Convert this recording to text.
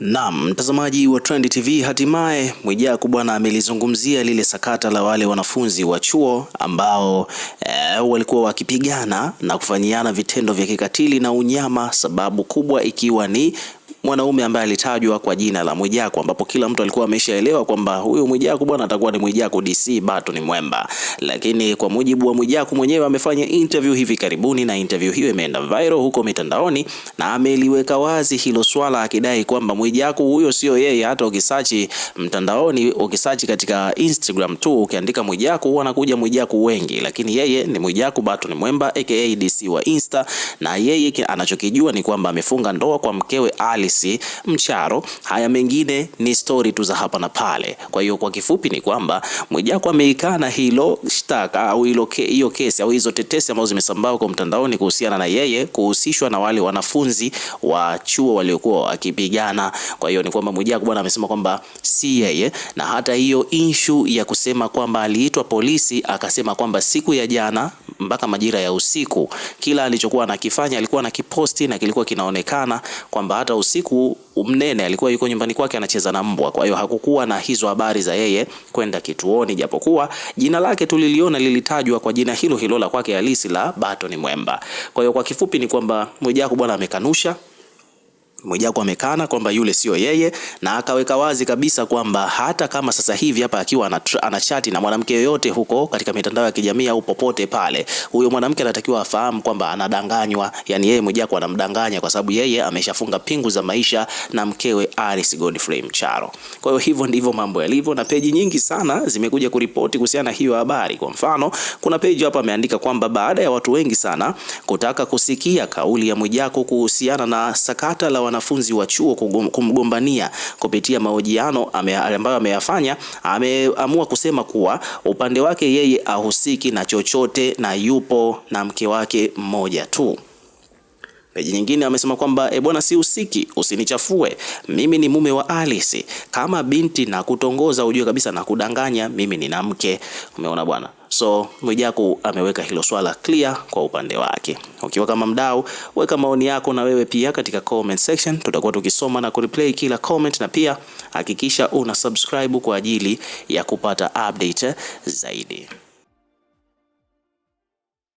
Naam, mtazamaji wa Trend TV, hatimaye Mwijaku bwana amelizungumzia lile sakata la wale wanafunzi wa chuo ambao e, walikuwa wakipigana na kufanyiana vitendo vya kikatili na unyama, sababu kubwa ikiwa ni mwanaume ambaye alitajwa kwa jina la Mwijaku, ambapo kila mtu alikuwa ameshaelewa kwamba huyu Mwijaku bwana atakuwa ni Mwijaku DC Bado ni Mwemba. Lakini kwa mujibu wa Mwijaku mwenyewe amefanya interview hivi karibuni, na interview hiyo imeenda viral huko mitandaoni na ameliweka wazi hilo swala, akidai kwamba Mwijaku huyo sio yeye. Hata ukisachi mtandaoni, ukisachi katika Instagram tu ukiandika Mwijaku wanakuja Mwijaku wengi, lakini yeye ni Mwijaku Bado ni Mwemba aka DC wa Insta, na yeye anachokijua ni kwamba amefunga ndoa kwa mkewe Ali Messi, mcharo. Haya mengine ni stori tu za hapa na pale. Kwa hiyo kwa kifupi ni kwamba Mwijaku ameikana hilo shtaka au hilo hiyo kesi au hizo tetesi ambazo zimesambaa kwa mtandaoni kuhusiana na yeye kuhusishwa na wale wanafunzi wa chuo waliokuwa wakipigana. Kwa hiyo ni kwamba Mwijaku bwana amesema kwamba si yeye, na hata hiyo issue ya kusema kwamba aliitwa polisi akasema kwamba siku ya jana mpaka majira ya usiku. Kila alichokuwa anakifanya alikuwa anakiposti na kilikuwa kinaonekana kwamba hata usiku Mnene alikuwa yuko nyumbani kwake anacheza na mbwa. Kwa hiyo hakukuwa na hizo habari za yeye kwenda kituoni, japokuwa jina lake tuliliona lilitajwa kwa jina hilo hilo la kwake halisi la Barton Mwemba. Kwa hiyo kwa kifupi ni kwamba Mwijaku bwana amekanusha Mwijaku amekana kwamba yule sio yeye, na akaweka wazi kabisa kwamba hata kama sasa hivi hapa akiwa anachati na mwanamke yoyote huko katika mitandao ya kijamii au popote pale, huyo mwanamke anatakiwa afahamu kwamba anadanganywa. Yani yeye Mwijaku anamdanganya kwa sababu yeye ameshafunga pingu za maisha na mkewe Alice Godfrey Mcharo. Kwa hiyo hivyo ndivyo mambo yalivyo, na peji nyingi sana zimekuja kuripoti kuhusiana na hiyo habari. Kwa mfano, kuna peji hapa ameandika kwamba baada ya watu wengi sana kutaka kusikia kauli ya Mwijaku kuhusiana na sakata la wanafunzi wa chuo kumgombania kupitia mahojiano ambayo ameyafanya, ameamua kusema kuwa upande wake yeye ahusiki na chochote na yupo na mke wake mmoja tu. Peji nyingine amesema kwamba e, bwana si usiki, usinichafue. Mimi ni mume wa Alice. Kama binti na kutongoza, ujue kabisa na kudanganya, mimi nina mke. Umeona bwana. So Mwijaku ameweka hilo swala clear kwa upande wake. Ukiwa kama mdau, weka maoni yako na wewe pia katika comment section, tutakuwa tukisoma na kureplay kila comment, na pia hakikisha una subscribe kwa ajili ya kupata update zaidi.